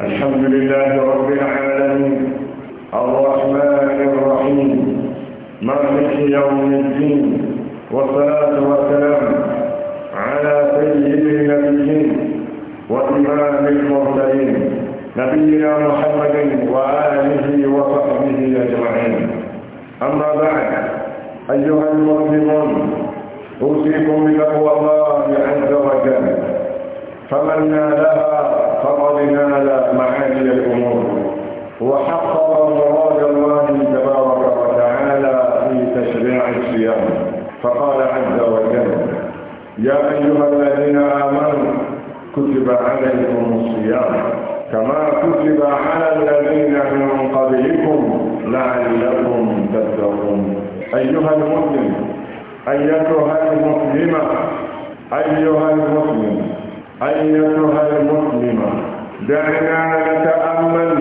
الحمد لله رب العالمين الرحمن الرحيم مالك يوم الدين والصلاة والسلام على سيد النبيين وإمام المرسلين نبينا محمد وآله وصحبه أجمعين أما بعد أيها المسلمون أوصيكم بتقوى الله عز وجل فمن نالها فقد نال معالي الأمور وحقق مراد الله تبارك وتعالى في تشريع الصيام فقال عز وجل يا أيها الذين آمنوا كتب عليكم الصيام كما كتب على الذين من قبلكم لعلكم تتقون أيها المسلم أيتها المسلمة أيها المسلم أيتها المسلمة دعنا نتأمل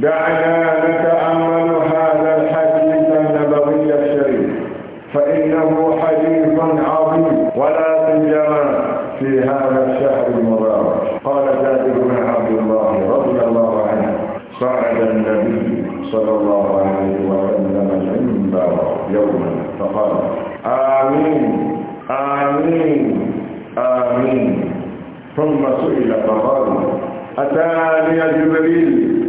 دعنا نتأمل هذا الحديث النبوي الشريف فإنه حديث عظيم ولا سيما في هذا الشهر المبارك قال جابر بن عبد الله رضي الله عنه صعد النبي صلى الله عليه وسلم المنبر يوما فقال آمين آمين آمين ثم سئل فقال أتاني جبريل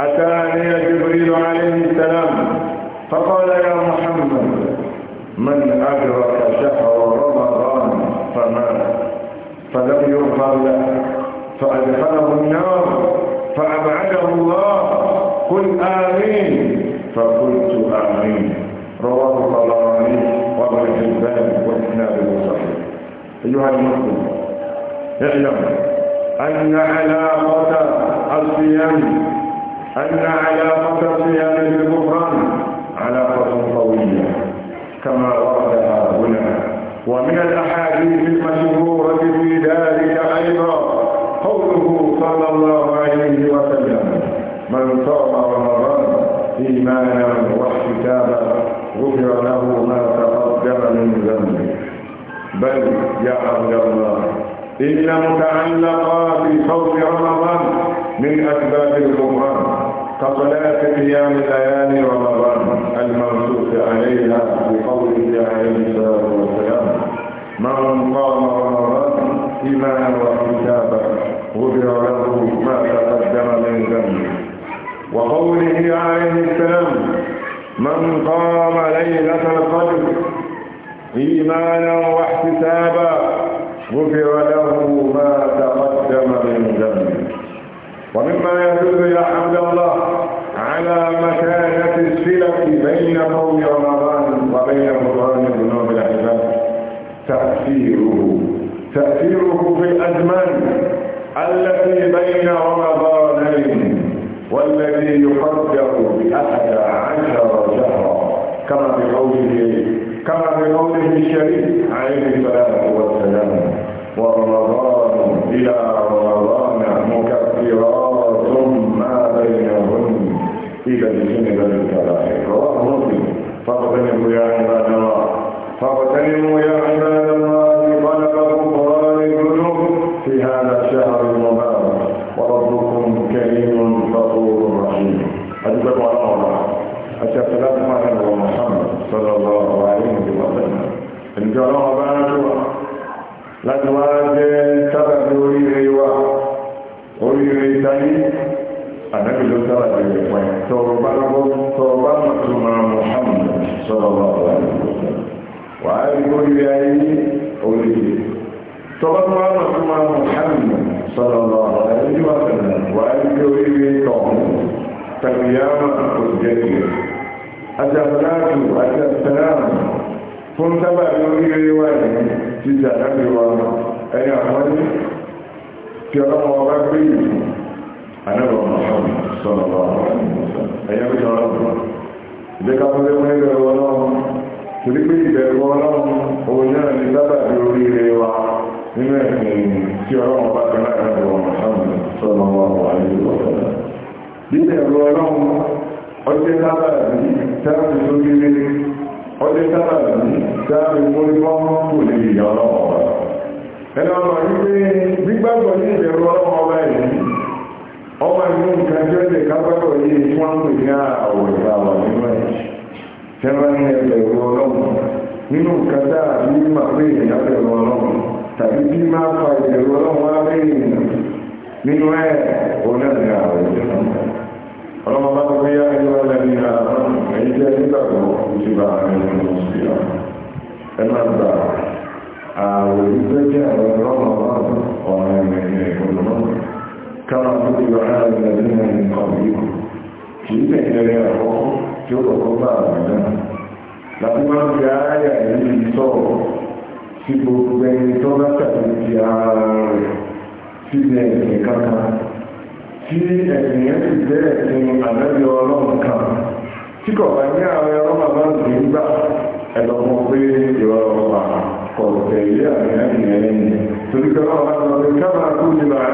أتاني جبريل عليه السلام فقال يا محمد من أدرك شهر رمضان فمات فلم يغفر له فأدخله النار فأبعده الله قل آمين فقلت آمين رواه الطبراني وابن حبان وإسناده صحيح أيها المسلم اعلم أن علاقة الصيام أن علاقة الصيام بالغفران علاقة قوية كما وردها هنا ومن الأحاديث المشهورة في ذلك أيضا قوله صلى الله عليه وسلم من صام رمضان إيمانا واحتسابا غفر له ما تقدم من ذنبه بل يا عبد الله إلا متعلقة بصوم رمضان من أسباب الغفران كصلاة قيام ليالي رمضان المنصوص عليها بقوله خيارهن مكفرات ما بينهن إذا اجتنب الكبائر رواه مسلم فاغتنموا يا عباد الله فاغتنموا يا tàbíyàmà òṣìṣẹ́kìlẹ̀ àjàmdáàtù àti àtàràmù fún sábà lóríire wà ní jíjà láti wà ẹni àmọ́dé tí ọlọ́mọ ọba gbé yìí anábọ̀ mọ̀ṣọ́mù sọ̀rọ̀ bá ẹ̀yẹ́ bí sọ̀rọ̀ bá ìdẹ́ka fún ẹgbẹ́ ẹgbẹ́ ọlọ́run torí pé ìbẹ̀rù ọlọ́run òun náà ní sábà lóríire wa nínú ẹ̀sìn tí ọlọ́mọ ọba kan láti wà mọ̀ṣọ́mù sọ̀rọ̀ bá wà ní ìwọ̀sọ̀rọ̀ nílẹ̀ ẹ̀rọ ọlọ́run ọjẹ́ sábà ní sáàrùn tó kéré ọjẹ́ sábà ní sáàrùn tó ní wọ́n kò lè yọ ọlọ́run ọba ẹ̀rọ ọmọ wípé gbígbàgbọ́ ní ìbẹ̀rù ọlọ́run ọba yìí ọba inú nǹkan tí ó lè kábàgbọ́ yìí tí wọ́n ń pè ní àwọ̀ ìgbà wà nínú ẹ̀ tí wọ́n ní ẹ̀bẹ̀rù ọlọ́run nínú nǹkan tá a ní máa pé èèyàn bẹ̀rù ọlọ́run tàbí bí máa fa ìbẹ̀rù ọlọ́run wá bẹ́ẹ̀ nínú ẹ̀ òun náà ní ọlọ́mọ bá ti fẹ́yà ẹni wọ́n lẹ́ni èyí jẹ́ nígbàgbọ́ ti bá ẹni mọ̀ sí ọ ẹ máa gbà ààwẹ̀ wípé jẹ́ àwọn ọlọ́mọ bá ọ̀nà ẹ̀mẹ̀yẹ ìgbọ̀nà káwọn tó ti lọ ara rẹ̀ lẹ́yìn ẹni kan yìí kì í tẹ̀yẹrẹ àkọ́kọ́ tí ó tí ẹ̀sìn yẹn ti jẹ́ ẹ̀sìn ànábì ọlọ́run kan tí kò bá ní àwọn ẹ̀rọ bàbá ti ń gbà ẹ̀lọ́ mọ̀ pé ìwà ọ̀pá kọ̀ tẹ̀lé àmì ẹ̀sìn ẹ̀yìn torí pé ọlọ́run bá sọ pé kábàá bàá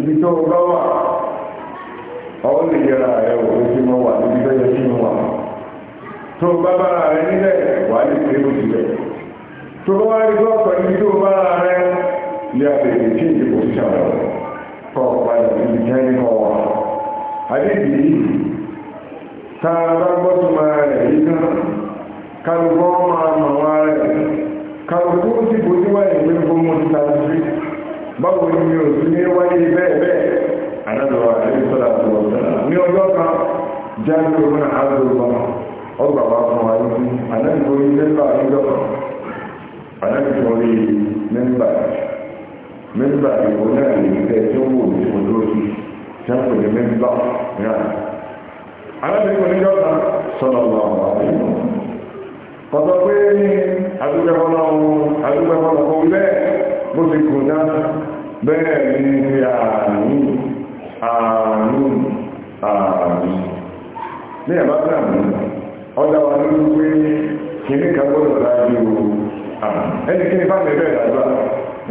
ibi tó bá wà ọwọ́ lè yẹra rẹ̀ òun tí mo wà níbi tó yẹ kí mo wà tó bá bára rẹ̀ nílẹ̀ wà ní pé mo jùlẹ̀ tó bá wá rí gọ́ọ̀pọ̀ ibi tó bára rẹ̀ lé àbẹ̀rẹ̀ tí ìdí kò sísà rẹ̀ kọ́ padà ibi tí ẹni kọ́ àdébì yìí tá a bá gbọ́ tó máa rẹ̀ yìí tán kálukọ́ máa mọ̀ wá rẹ̀ kálukú ti bójú wáyé pé gbogbo ti ta sí báwo ni mi ò sí ní wáyé bẹ́ẹ̀ bẹ́ẹ̀ àdádọ́wà àdébísọ́lá tó wọ́n sẹ́lá ní ọjọ́ kan jáde ọmọ àdúgbò ọgbà wa fún wa ní àdájọ́ orí mẹ́mbà níjọ́ kan àdájọ́ orí mẹ́mbà mẹ́mbà ìwọ náà lè ní tẹ́ tí ó wò ní ojú ojú tí a pè ní mẹ́mbà náà alábẹ́kọ̀ọ́ bó ti kù náà bẹ́ẹ̀ ni fi ààrùn ààrùn ààrùn ní ẹ̀bá sàmì ọjà wa ló ń pé kìíní kan gbọ́dọ̀ láàájú ààrùn ẹni kí ni bá mi bẹ́ẹ̀ dàgbà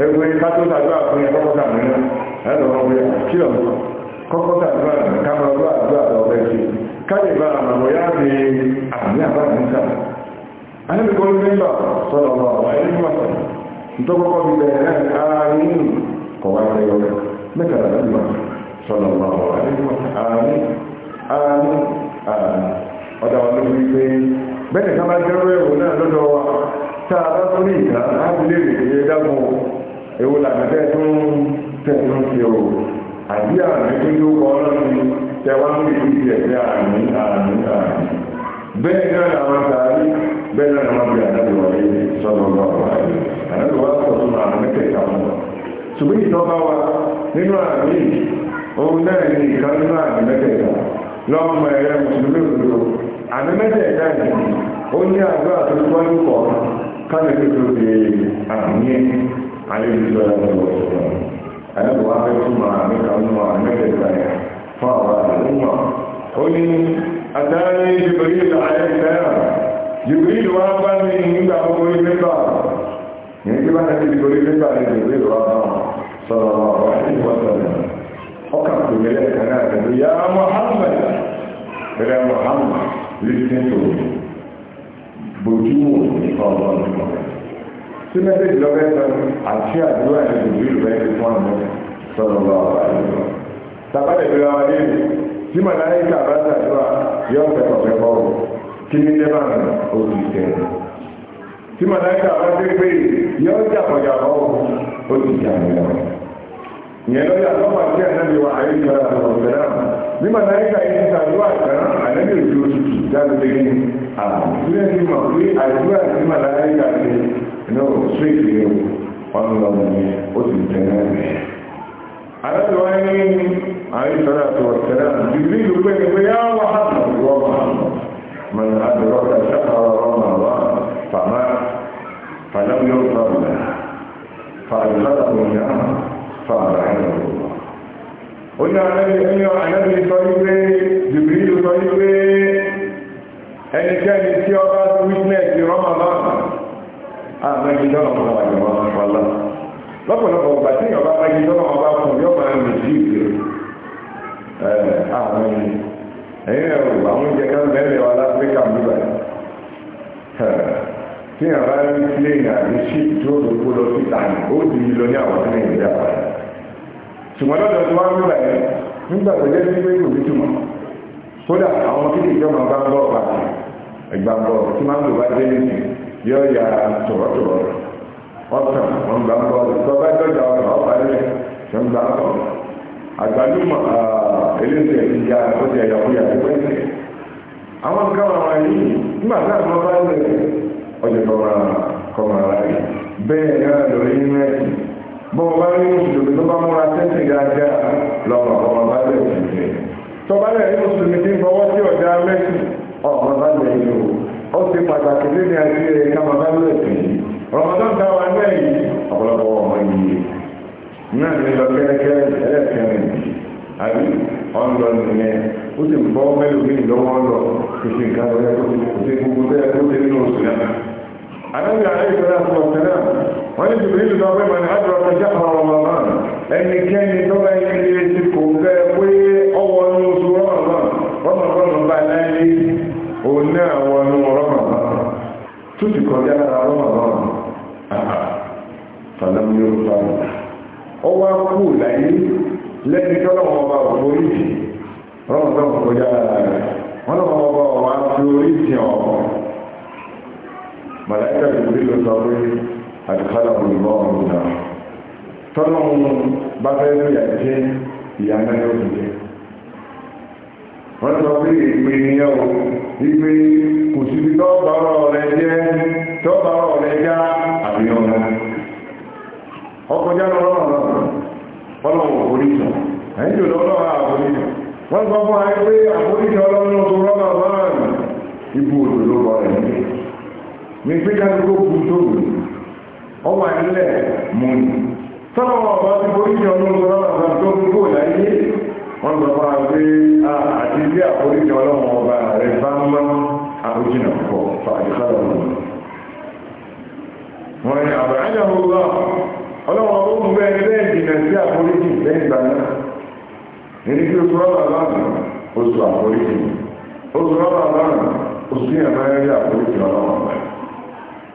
ẹgbẹ́ kátó sàgbà fún ẹ kọ́kọ́ sàmì náà ẹ̀rọ wọn pé kí ọ̀dọ́ kọ̀wáyé yọ̀kẹ́ mẹ́kàlá lọ́gbà sọ̀rọ̀ lọ́wọ́ àríwọ̀ ààrín ààrín ààrín ọ̀dà wọn lórí pé bẹ́ẹ̀ ká bá jẹ́rọ ẹ̀wò náà lọ́dọ̀ wa tá a bá tó ní ìgbà ábúlé rèé dágùn ewu làgbàtẹ́ tó ń tẹ̀sán sí o àbí àmì tó ló kọ́ ọlọ́run tẹwàá ń rí ìdí ẹ̀jẹ̀ àmì àmì àmì bẹ́ẹ̀ náà làwọn sàárì bẹ́ẹ̀ náà làwọn bí àdájọ́ wọlé sọ́dọ̀ lọ́wọ́ àdájọ́ wa sọ̀tún àwọn mẹ́tẹ̀ẹ̀ta wọn ṣùgbọ́n ìjọba wa nínú àmì òun náà ní ìkan nínú àmì mẹ́tẹ̀ẹ̀ta lọ́mọ ẹ̀rẹ́ mùsùlùmí òdodo àmì mẹ́tẹ̀ẹ̀ta yìí ó ní àgbà tó ń wáyé kọ̀ káàkiri tó tó di àmì àlejò ìjọba àyẹ̀wò afẹ́tùmọ̀ àmì kan nínú àmì mẹ́tẹ̀ẹ̀ta yẹn fún àwọn àlùmọ̀ ó ní àtàrí jìbìrì àyẹ̀kẹ́ jìbìrì wá bá mi nígbà gbogbo ilé bá ìyẹn tí bá ń tẹ́lẹ̀ torí nígbà rẹ̀ lè rí lọ́wọ́ náà sọ̀rọ̀ ọ̀rọ̀ ìwọ̀sọ̀rọ̀ ọkàn kò mẹ́lẹ̀ kan náà rẹ̀ ya Muhammad rẹ̀ Muhammad listen to me bójú wò ní ọ̀rọ̀ ìmọ̀ tí mẹ́tẹ̀ẹ̀dì lọ́fẹ́ sọ àti àdúrà ní ìlú ìlú rẹ̀ ti fún àmọ́ sọ̀rọ̀ kí ní dẹ́bà náà ó ti tí màláìka bá dé pé yóò jàpọ̀jà bọ́ ó ti jà nílọ. ìyẹn ló yà lọ́wọ́ àti ànábi wa àyè ìjọra ọ̀sẹ̀rà bí màláìka yìí ti sàdúrà tán ànábi òjò tutù jáde lé ní àbúrẹ́ ní mọ̀ pé àdúrà tí màláìka ti ní ò sí ìdílé wọn lọ ní ó sì jẹ náà rẹ̀. ànábi wa ní àyè ìjọra ọ̀sẹ̀rà ìdílé ìlú pé pé yá wọ́n mọ̀ mọ̀ àdúrà ṣàkàrọ̀ ọ̀nà فلم يرضى له فأدخله النار فأبعده الله قلنا النبي أيها النبي صليبي جبريل صليبي أن كان يسيرات ويتنات رمضان àmọ́ ibi tọ́nà fún wa ni wọ́n fọ́ lọ. lọ́pọ̀lọpọ̀ ọgbà tí ìyọ̀bá bá ibi tọ́nà wọn bá fún yóò máa ń lè sí ìpè àmọ́ ni ẹ̀yìn ẹ̀rù àwọn oúnjẹ kan bẹ́ẹ̀ lẹ́wọ̀ aláfíríkà ń bí báyìí tí a bá rí plane àbí ship tí ó lòókó lọ sí tàní ó di lílọ ní àwọn nàìjíríà padà ṣùgbọ́n lọ́dọ̀ tí wọ́n rúbà yẹn nígbà tó jẹ́ sí pé kò ní túmọ̀ kódà àwọn kíkì ìjọba bá ń bọ̀ ọ̀pá ìgbàgbọ́ tí máa ń lò bá dé nìyí yọ ya tọ̀rọ̀tọ̀rọ̀ ọ̀sán wọn gbà ń bọ̀ ìtọ́ba dọ́jà ọ̀sán ọ̀pá ilẹ̀ tó ń gbà ń bọ̀ àgbàlùmọ̀ eléyìí ìyá ọjà ìyàwó yàtọ̀ pẹ́ẹ́sì àwọn nǹkan àwọn yìí nígbà náà lọ́ bá ń lẹ̀ ọjọ́ kọmọ ara rẹ̀ bẹ́ẹ̀ náà lórí nínú ẹ̀sìn bọ́ ọba rí mùsùlùmí tó bá múra tẹ́sì dáadáa lọ́pọ̀ ọmọ bá lẹ̀ sí i tọ́ba lẹ̀ rí mùsùlùmí tí ń fọwọ́ sí ọ̀dà mẹ́sìn ọmọ bá lẹ̀ sí i ó ti pàtàkì lé ní àti rẹ̀ ká bàbá lẹ̀ sí i rọmọdún táwa náà yìí ọ̀pọ̀lọpọ̀ ọmọ yìí náà ní lọ kẹ́rẹ́kẹ́rẹ́ ẹlẹ́kẹ́rin àbí ọ̀nlọ nìyẹn ó sì ń bọ́ mẹ́lòmíì lọ́wọ́ lọ kò nǹkan lọ́yẹ́ kó sí gbogbo tó dé nínú oṣù náà anábì a na ọ̀sẹ̀lẹ̀ wọ́n ní jùlọ ìlú lọ́pẹ́ mọ̀ ní àdúrà fún jáfà ọmọ náà ẹnikẹ́ni tó bá yẹ kí etí kò fẹ́ pé ọwọ́ ní oṣù rọ́mà náà rọ́mà rọ́mà màláìkà Jibril ló sọ pé àdìfàlà òyìnbó ọ̀run náà tọ́nà bá fẹ́ fìyà jẹ́ ìyá náà yóò fi jẹ́ wọ́n sọ pé ìpè nìyẹn o ìpè kò síbi tọ́ọ̀bà ọ̀rọ̀ rẹ jẹ́ tọ́ọ̀bà ọ̀rọ̀ rẹ já àbíyàn náà ọkọjá lọ́rọ̀ ọlọ́wọ̀ oríṣọ̀ ẹ̀yìn jò lọ́rọ̀ àforíṣọ̀ fún ayé pé àforíṣọ̀ ọlọ́ ní pínkàlù kó kú tó wù ọ wà nílẹ̀ mú ni sọ́kọ̀ ọ̀bá ti borí jọ ní ọ̀rọ̀ ọ̀sán tó ń kó láyé wọ́n sọ fún wa pé àti ilé àforíjì ọlọ́run ọba rẹ̀ bá ń mọ́ àbójìnà pọ̀ fàdíkàlù wọn ni àbáyé ọlọ́ ọlọ́run ọba ó bẹ́ẹ̀ bẹ́ẹ̀ jìnà sí àforíjì lẹ́yìn ìgbà náà nínú kí oṣù rọ́bà lánàá oṣù àforíjì oṣù rọ́bà lánàá oṣù yẹn máa ń rí àforíjì ọlọ́run ọba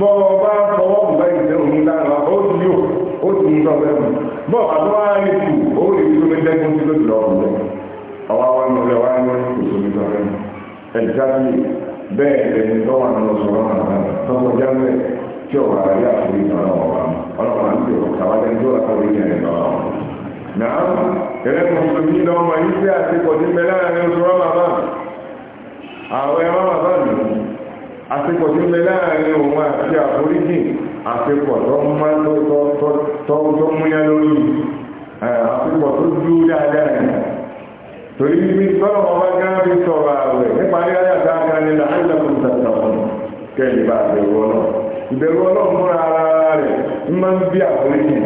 bọ́ọ̀ bá fọwọ́ bùbá ìjẹ́ òní lára ó ti yóò ó ti ń sọ́bẹ̀ mú bọ́ọ̀ àtọ́wá rẹ̀ tù ó lè fi tóbi dẹ́kun tí ó ti lọ́ọ̀ bùbẹ̀ ọwọ́ wa ń lọ wá ní òṣèlú sọ́bẹ̀ mú ẹ̀dá sí bẹ́ẹ̀ ẹni tó wà nínú sọ̀rọ̀ màmá tọ́kọ jáwé tí ó wà rí àforí ìtọ́nà ọ̀wà ọlọ́pàá ń tèrò kàwájá tó wà sórí ìyẹn lọ. Nàá ẹ̀rẹ́ àti pọ̀ sí àsìkò tí ń bẹ láàrin òun àti àforíjì àsìkò tó máa tó tó tó tó múyá lórí àsìkò tó dú dáadáa rẹ̀ torí bí sọ́nà ọba gán fi sọ̀rọ̀ ààrẹ nípa ní ayé àti àgbà nílà àìlẹ́kùn tàtà ọ̀nà kẹ́lì bá bẹ̀rù ọlọ́ ìbẹ̀rù ọlọ́ múra ara rẹ̀ ń máa ń bí àforíjì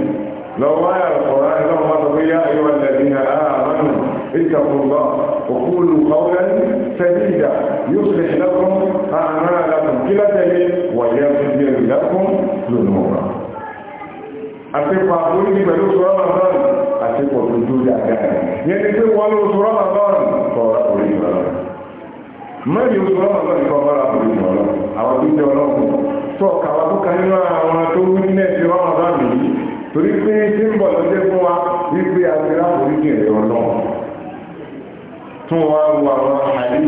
lọ́wọ́ àyà ọ̀rọ̀ àìlọ́wọ́ اتقوا الله وقولوا قولا سديدا يصلح لكم أعمالكم كلا تلي ويغفر لكم ذنوبكم àtẹ́kọ̀ àkórí ní pẹ̀lú sọ́rọ̀ ramadan àtẹ́kọ̀ tó tó dàgbà yẹn ni pé wọ́n ló sọ́rọ̀ ramadan kọ̀ọ̀rọ̀ orí ìrọ̀lọ́ mẹ́rin sọ́rọ̀ ramadan kọ̀ọ̀rọ̀ orí ìrọ̀lọ́ àwọn tó jẹ́ ọlọ́pù tó kàwà tó kan nínú àwọn tó wí ní ẹ̀sìn ramadan yìí torí pé tí ń bọ̀ fún wa wípé àti tún wá wo àwọn àyè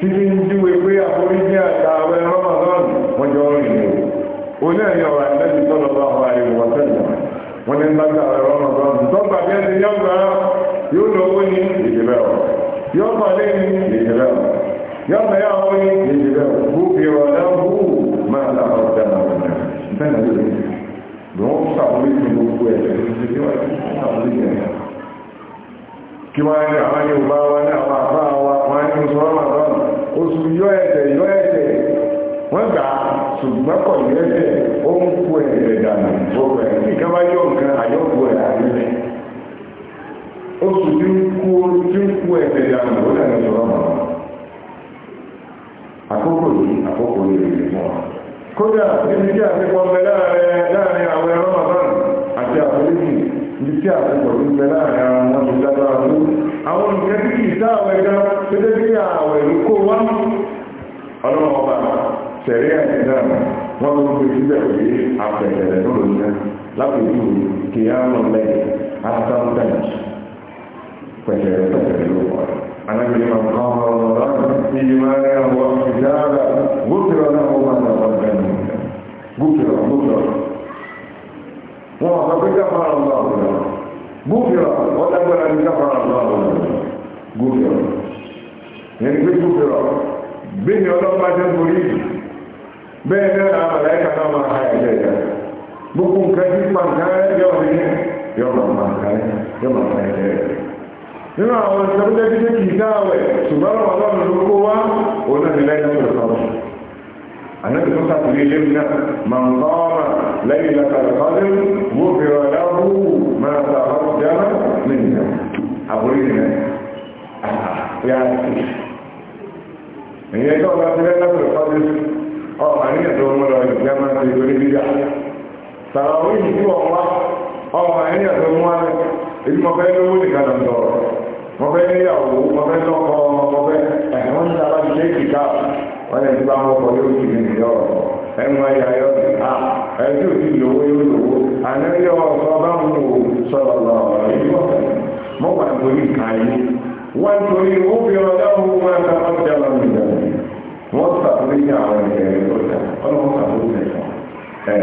tí ní ń díwe pé àforíjì àtàwẹ̀ Ramadan wọ́n jọ rìn ní o ní ẹ̀yọ̀ wà lẹ́yìn tọ́lọ̀ bá wà ìwọ̀ tẹ́lẹ̀ wọ́n ní lágbà àwẹ̀ Ramadan tọ́gbà bí ẹni yọ gbà yóò lọ owó ní ìdìbẹ̀ ọ̀ yọ gbà lẹ́yìn ìdìbẹ̀ ọ̀ yọ gbà yà owó ní ìdìbẹ̀ ọ̀ kú ìrọ̀ lẹ́wọ́ máa làwọn ọ̀dà àwọn ọ̀dà bẹ́ẹ̀ ni wọ́n ṣàforíjì gbogbo ẹ̀ kí wọ́n ní nínú Ramadan oṣù yọ ẹ̀jẹ̀ yọ ẹ̀jẹ̀ wọ́n gbà ṣùgbọ́n kọ̀ ní ẹ̀jẹ̀ ó ń kú ẹ̀jẹ̀ dànù gbogbo ẹ̀ nìkan bá yọ nǹkan àyọ̀kú ẹ̀ àrílẹ̀ oṣù tí ń kú tí ń kú ẹ̀jẹ̀ dànù ó dà nínú Ramadan àkókò yìí àkókò yìí rèé fún wa kódà níbi tí àti pọ̀ mẹ́ láàrin àwọn ẹ̀rọ màmá àti àforíjì ibi tí àpapọ̀ ń bẹ láàrin ara wọn ti dábàá tó àwọn nǹkan tí kì í sá àwẹ̀ ga pété bí àwẹ̀ ló kó wá ọlọ́run ọba tẹ̀lé àti náà wọ́n ló gbé síbẹ̀ pé àpẹẹrẹ lọ́rọ̀ náà lápẹ̀jú kì í hàn lẹ́yìn àtàkùn pẹ̀lẹ́ pẹ̀lẹ́ ló wà. أنا من قام رمضان إيمانا واحتسابا غفر له ما تقدم من غفر wọn sọ pé káfàrà ọ̀la ọ̀la gúfìrà wọ́n dágbára ní káfàrà ọ̀la ọ̀la gúfìrà yẹn gbé gúfìrà gbé ní ọlọ́pàá jẹ́ torí bẹ́ẹ̀ náà àmàlà ẹ̀ka náà máa ha ẹ̀jẹ̀ ẹ̀jẹ̀ gbogbo nǹkan tí pàǹkà yọ̀ ní yọ̀ máa pàǹkà yọ̀ máa pàǹkà ẹ̀jẹ̀ ẹ̀jẹ̀ nínú àwọn ìṣẹ́bíjẹ́ kìí dáwẹ̀ ṣùgbọ́n ọlọ́run النبي صلى الله عليه وسلم من قام ليلة القدر غفر له ما تهجر منها. أقولين آه، يا يعني هي قلت لنا ليلة القدر أو أنية دوم الأيام في كل بيجا في الله أه أنية دوم الأيام إذا ما بين الأول كلام ما بين الأول ما بين الأول ما بين إحنا نجعل شيء كذا wọ́n yẹn ti bá wọ́n kọ yóò ti ní ìyá ọ̀rọ̀ ẹnu ẹ̀yà yọ sí a ẹjú ti lówó yóò lówó àná yọ ọ̀sọ́ bá ń wò sọ̀rọ̀ lọ èyí wọ̀ mọ́ wà nítorí ìka yìí wọ́n torí ó fi ọjọ́ owó máa ta wọ́n jẹ́ lọ nígbà yìí wọ́n sàkóso ní àwọn ẹ̀rẹ́ lọ́jà ọlọ́wọ́ sàkóso nìkan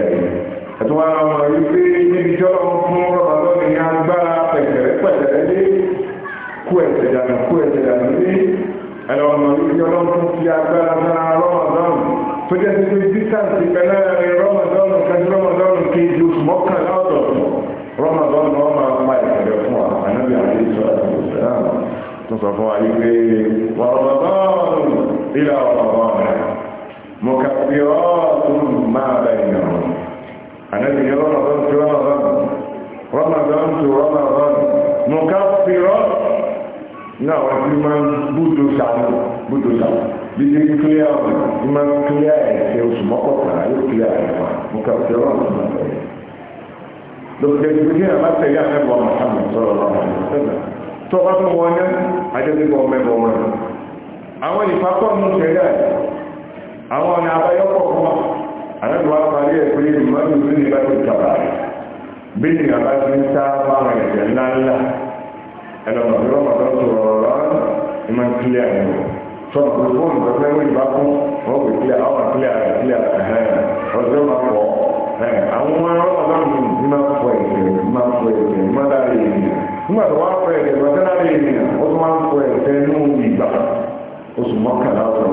ẹ̀tọ́ wa ọmọ yìí pé níbi jọ́ fún rọ̀bà lọ́nà ní agbára pẹ̀tẹ̀rẹ́ pẹ̀tẹ̀rẹ́ lé kú ẹ̀sẹ̀ dànù kú ẹ̀sẹ̀ dànù lé ẹ̀lọ́wọ̀n mọ̀ ní ìjọ lọ́wọ́ tó fi agbára sára rọ́mọdọ́nù tó jẹ́ sí pé dísàǹsì pẹ̀lẹ́ rọ́mọdọ́nù kẹsí rọ́mọdọ́nù kejì oṣù mọ́kànlá ọ̀tọ̀ọ̀tọ̀ rọ́mọdọ́nù wọn máa pa ìpẹ̀lẹ̀ fún wa ànábì àti ìṣọ́ tó sọ fún wa yìí pé rọ́mọdọ́nù ilẹ̀ ọ̀pọ̀lọpọ̀ mo kà fi ọ́ọ̀tún máa bẹ̀ ìyàwó ànábì rọ́mọdọ́nù tó rọ́mọdọ́nù rọ́mọdọ́nù tó rọ́mọdọ́nù mo kà fi ọ́ọ̀tún náà wọ́n ti máa ń búdó sàwọn búdó sàwọn bí ti ń kílíà ọ̀nà ti máa ń kílíà ẹ̀ṣẹ̀ oṣù mọ́kànlá yóò kílíà ẹ̀fà mo kà ọ̀sẹ̀ wọn àti ọ̀sẹ̀ rẹ̀ lókè ìgbésí ní àbá tẹ̀lé àfẹ́bọ̀ Muhammad sọ̀rọ̀ lọ́wọ́ tó bá fún wọn ní adébíkọ̀ mẹ́bọ̀ wọn àwọn ìfapọ̀ mú tẹ̀lé àwọn ọ̀nà àbáyọ́pọ̀ fún wa àrẹ́bọ̀ ẹlọmọ tó lọmọ tó tó rọrọ ẹ máa ń kílẹ̀ ẹ̀ lọ sọ pé fóònù tó fẹ́ wọ́n ìbá kú wọ́n kò kílẹ̀ àwọn kílẹ̀ ẹ̀ kílẹ̀ ẹ̀ ọ̀sẹ̀ máa pọ̀ ẹ̀ àwọn ọlọ́mọ náà nù ní máa pọ̀ ẹ̀jẹ̀ máa pọ̀ ẹ̀jẹ̀ máa dáre ènìyàn nígbà tó wá pọ̀ ẹ̀jẹ̀ tó tẹ́ dáre ènìyàn ó tún máa ń pọ̀ ẹ̀jẹ̀ nínú ìgbà oṣù mọ́kànlá ọ̀sẹ̀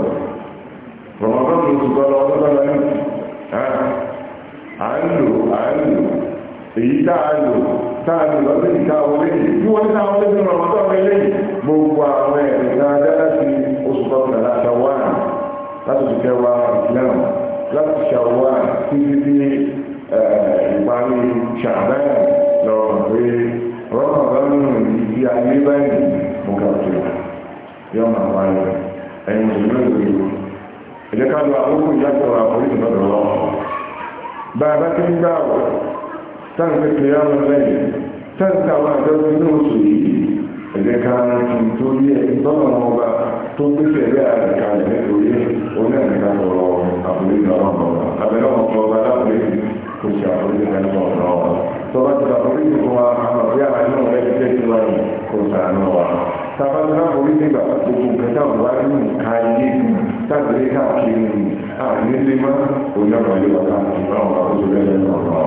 rọ̀mọ́tọ́ èyí táàlù táàlù lọ́sẹ̀ ìta wọlé tí wọ́n ní táwọn lẹ́sìn ọ̀rọ̀ ọ̀tọ̀ ọ̀rọ̀ ilé gbogbo àwọn ẹ̀rìn dáadáa láti oṣù kọkànlá láti wá láti oṣù kẹwàá islam láti ṣàwá títí dé ìparí ṣàbẹ́ẹ̀ lọ́rọ̀ pé rọ́nà lọ́nà ìdí ayé báyìí mo kà tó yọ máa wá lọ ẹ̀yìn ìlú ìlú ẹ̀jẹ̀ ká lọ àkókò ìyá táǹkì kìlíọ̀mù lẹ́yìn táǹkì àwọn àjọsọ inú oṣù yìí ẹ̀jẹ̀ kan tó yẹ ìtọ́nà ọba tó gbèsè ẹgbẹ́ àdìkalẹ̀ nítorí onírìnká lọ́rọ̀ àforíjì ọlọ́run ọba abẹ́rẹ́ ọmọ ọba láforíjì kò ṣe àforíjì ẹgbẹ́ ọ̀rọ̀ ọba tọ́ba ti àforíjì fún wa àmọ́ bí àwọn ẹni ọ̀rẹ́ ti tẹ́tí wa yìí kò sàánú wa tába ti láforíjì bàbá tó kù kẹta òwúwa nínú nǹka ayé tábìlì káàkiri ànílémá onírànlẹ́wà láti ọ̀rọ̀ ọba tó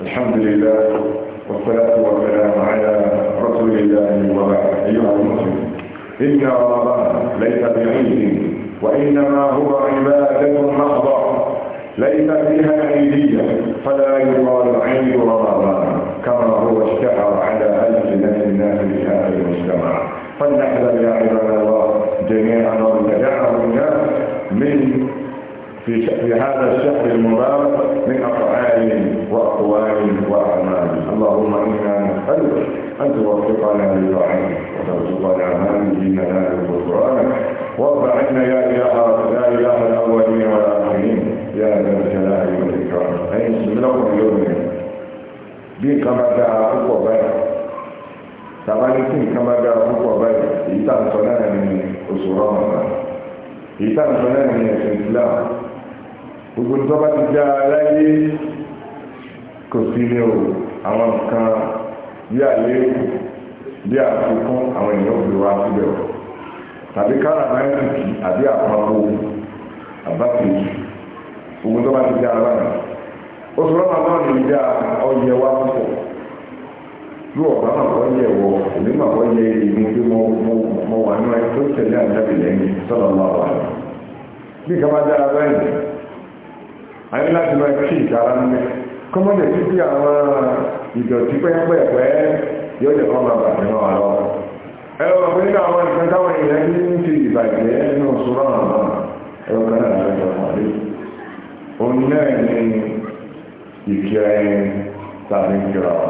الحمد لله والصلاة والسلام على رسول الله وبعد أيها المسلم إن الله ليس بعيد وإنما هو عبادة محضة ليس فيها عيدية فلا يقال عيد رمضان كما هو اشتهر على ألسنة الناس في هذا المجتمع فلنحذر يا عباد الله جميعا ومن الناس من في شهر هذا الشهر المبارك من أفعال وأقوال وأعمال اللهم إنا نسألك أن توفقنا لطاعتك وترزقنا هذه منال غفرانك واربعنا يا إله يا إله الأولين والآخرين يا ذا الجلال والإكرام أي لهم اليوم bí nǹkan كما dára púpọ̀ báyìí tàbá ní tí nǹkan bá dára púpọ̀ صلاه من tá à ń gbogbo tó bá ti dá aláyé kò sí ní o àwọn nǹkan bí àléébù bí àfikún àwọn èèyàn òbí wa síbẹ̀ o tàbí káràmáìtìkì àbí àpapọ̀ gbogbo tó bá ti dá aláyé oṣù lọ́mọ náà lè dá ọyẹ wa púpọ̀ bí ọ̀gá náà kọ́ yẹ wọ èmi náà kọ́ yẹ èmi mo wà nínú ẹ tó tẹ̀lé àjábìlẹ́yìn a ní láti máa kí ìkara ń bẹ kọ́mọ́dé tí bí àwọn ìdọ̀tí pẹ́ẹ́pẹ́ẹ́pẹ́ yóò jẹ́ kọ́ máa bàtẹ́ náà wà lọ́wọ́ ẹ̀rọ ọ̀pẹ́ nínú àwọn nǹkan táwọn èèyàn ní ń fi ìbàjẹ́ nínú ṣúra àwọn ẹ̀rọ kan náà lọ́jọ́ wọlé òun náà ní ìkíra ẹni tàbí ìkíra wa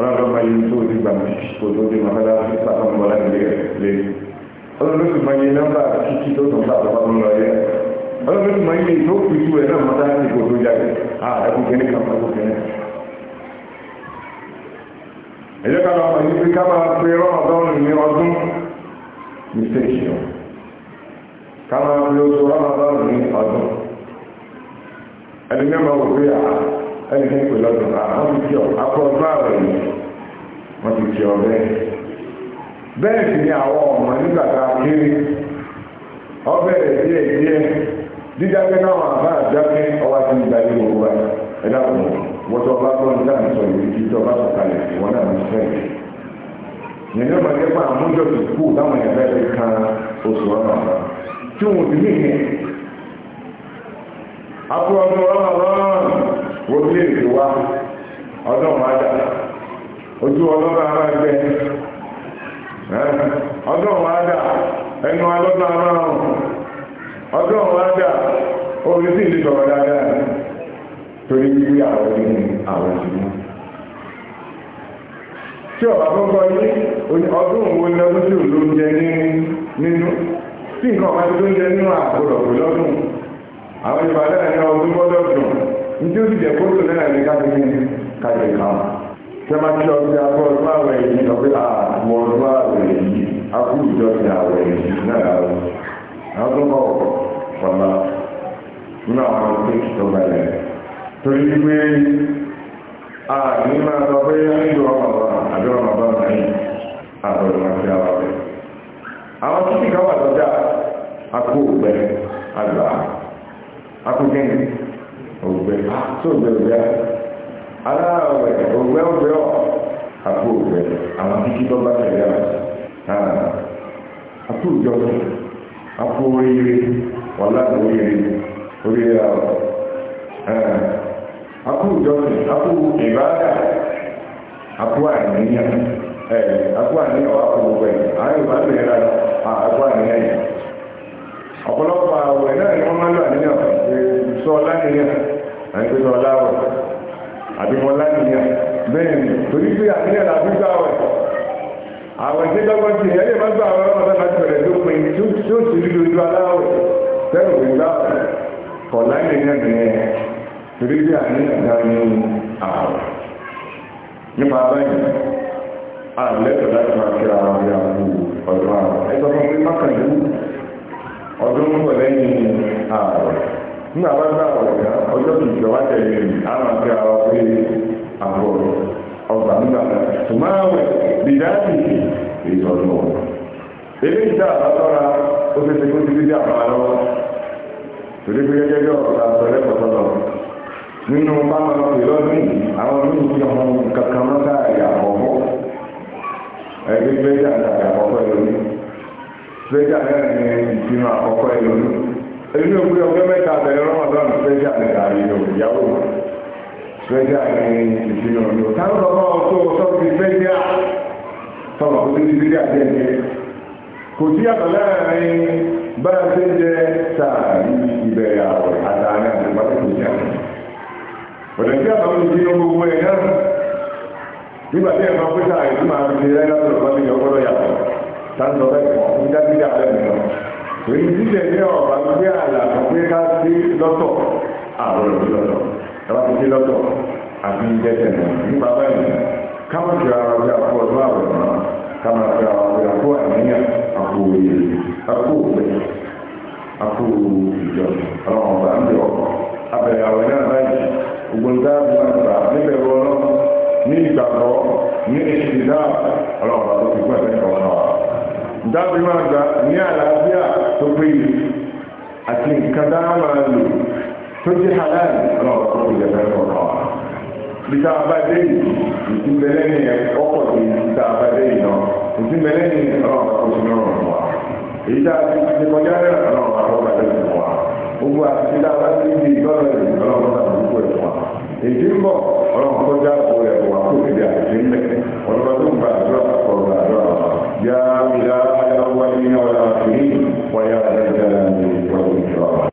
ọlọ́run máa yí tó ti gbà mí kò tó ti máa dára sí pàtàkì ọlọ́run lé ọlọ́run ló sì máa yí nọ́mbà kíkí tó tó ń bá àtọ́kọ́ tó ń lọ yẹ ọlọ́run ti máa ń yé tó mmadụ ju ẹ̀ náà mọ́tá láti kó tó jáde àà ẹkú kẹ́ni kan ẹkú kẹ́ni. ẹ̀jẹ̀ ká lọ́wọ́ ní pé ká máa pe rọ́mọdọ́rùn ní ọdún mistake yọ ká máa pe oṣù ya ní ọdún ẹni mẹ́ma wò pé à ẹni kẹ́ni pè lọ́dún à ọ dídáké náà àbá àdáké ọwá ti gba ilé owó wa ẹ̀dá kù wọ́tọ̀ ọba tó ń sọ yìí kí tó ọba kalẹ̀ náà ń yẹn ní ọmọdé pa àmújọ tó kú táwọn kan oṣù ọmọ tí wọn ti ọmọ ọmọ wọ́n ọdún ọmọ ojú ara ẹgbẹ́ ọdún ọmọ ẹnu ọjọ́ òun á dà omi sì lè sọ̀rọ̀ dáadáa torí wíwí àwọn nínú àwọn ìṣubú tí ọ̀bà tó ń kọ́ ní ọdún òun lọ́dún tí òun ló ń jẹ nínú tí nǹkan ọ̀gá tó ń jẹ nínú àkọlọ̀ pẹ̀lú ọdún àwọn ìbàdàn ní ọdún gbọ́dọ̀ dùn ní ó ti jẹ́ kótó náà ní káàkiri káàkiri kan sẹ́mà tí ọdún akọ́ ọdún àwẹ̀ yìí lọ pé àwọn ah, ọdún àwẹ̀ yìí akú ìjọ ti àwẹ̀ yìí náà àwọn tó bọ̀ sọ̀lá nínú àwọn tó tó balẹ̀ torí wípé a ní máa sọ pé ayélu ọmọ bá àbí ọmọ bá wà ní àbọ̀dọ̀ máa fi àwọn rẹ̀ àwọn tó ti káwà lọ́jà akó ògbẹ àgbà akó gẹ́gẹ́ ògbẹ tó ògbẹ ògbẹ aláàwẹ̀ ògbẹ ògbẹ ọ̀ akó ògbẹ àwọn kíkí tó bá tẹ̀lé àwọn àpò ìjọba akú oríire wọ́lá oríire oríire àwọ̀ akú ìjọsìn akú ìbáàdà akú àníyàn akú àníyàn wà fún gbogbo ẹ̀ àwọn ìbáàdà yẹn ẹ̀ẹ́ torí bí àníyàn dánú ààrẹ nípa báyìí àlẹ́tọ̀ láti máa kí ara rí àwọn ọdún ààrẹ ẹjọ́ fún pé mákàndú ọdún ń bọ̀ lẹ́yìn ààrẹ nígbà bá gbà ọ̀gá ọjọ́ ìjọ wá tẹ̀lé àwọn àti àwọn pé àbọ̀ ọgbà nígbà tòmáwẹ̀ dídáàbì ìtọ́jú ó fẹ́ ṣe kó ti dídí àpá lọ́wọ́ torí pé gẹ́gẹ́ bí nínú ba ìlọ́dún àwọn olóògùn yọ ọmọ kankan mọ́tà àyàkọ̀ọ́kọ́ ẹgbẹ́ gbẹ́jà àyàkọ̀ọ́kọ́ ẹlòmí gbẹ́jà náà ní ìpinnu àkọ́kọ́ ẹlòmí èyí ò ọgbẹ́ mẹ́ta àbẹ̀rẹ̀ rọ́mọdọ́n gbẹ́jà ní àríyọ ìyàwó gbẹ́jà ní ìpinnu ọdún táwọn ọkọ̀ ọ̀tọ̀ sọ́kùnrin gbẹ́jà sọ̀rọ̀ kó ti gbẹ́jà jẹ́ kò sí àbọ̀ ya ọ̀nà tí àbáwọn ìdí gbogbo ẹ̀ náà nígbà tí ẹ̀ma pé sáà ìdí máa fi ṣe lẹ́lọ́dọ̀ lọ́dọ̀ ní ọgbọ́dọ̀ yàtọ̀ sáńtọ̀ bẹ́ẹ̀ ní dábìlì àbẹ́ mi lọ. èyí sílẹ̀ ní ọ̀bà gbé àlà pé ká sí lọ́tọ̀ àrùn lọ́tọ̀ ẹ̀wá ti sí lọ́tọ̀ àbí jẹ́jẹ́ nípa báyìí káwọn fi ara bí àpò ọdún àwòrán káwọn fi ara bí ń bẹ̀ ọ̀pọ̀ abẹ̀rẹ̀ àwẹ̀ ògbóǹtà gbọ́ǹtà níbẹ̀rù ọlọ́run ní ìgbàgbọ́ ní ìṣìdá ọlọ́run tó fi gbọ́ǹtà ìkọ̀wọ́ náà dábì máa gbà ní àlàáfíà tó péye àti nǹkan dáná máa lò tó jẹ́ halal ọlọ́run tó fi gbẹ̀fẹ́ ìkọ̀wọ́ náà bíta abadé yìí ìtúmẹ̀lẹ́ ní ọkọ̀ tó yìí bíta abadé yìí náà ìtúmẹ̀lẹ́ ní ọlọ́run tó fi náà rọ̀ wá èyí tá a ti kọjá náà ọlọ́run tó fi náà rọ̀ wá gbogbo àti dáwà sí ibi ìtọ́lẹ̀ ọlọ́run náà gbogbo ẹ̀ wà èdè ń bọ̀ ọlọ́run tó já kó ẹ̀ wà kó èdè àti ń bẹ̀ ọlọ́run tó ń gba àdúrà kọ̀ọ̀rọ̀ àdúrà yá yá ayáwó wáyé ní ọ̀la àfihàn wáyé àdájá ní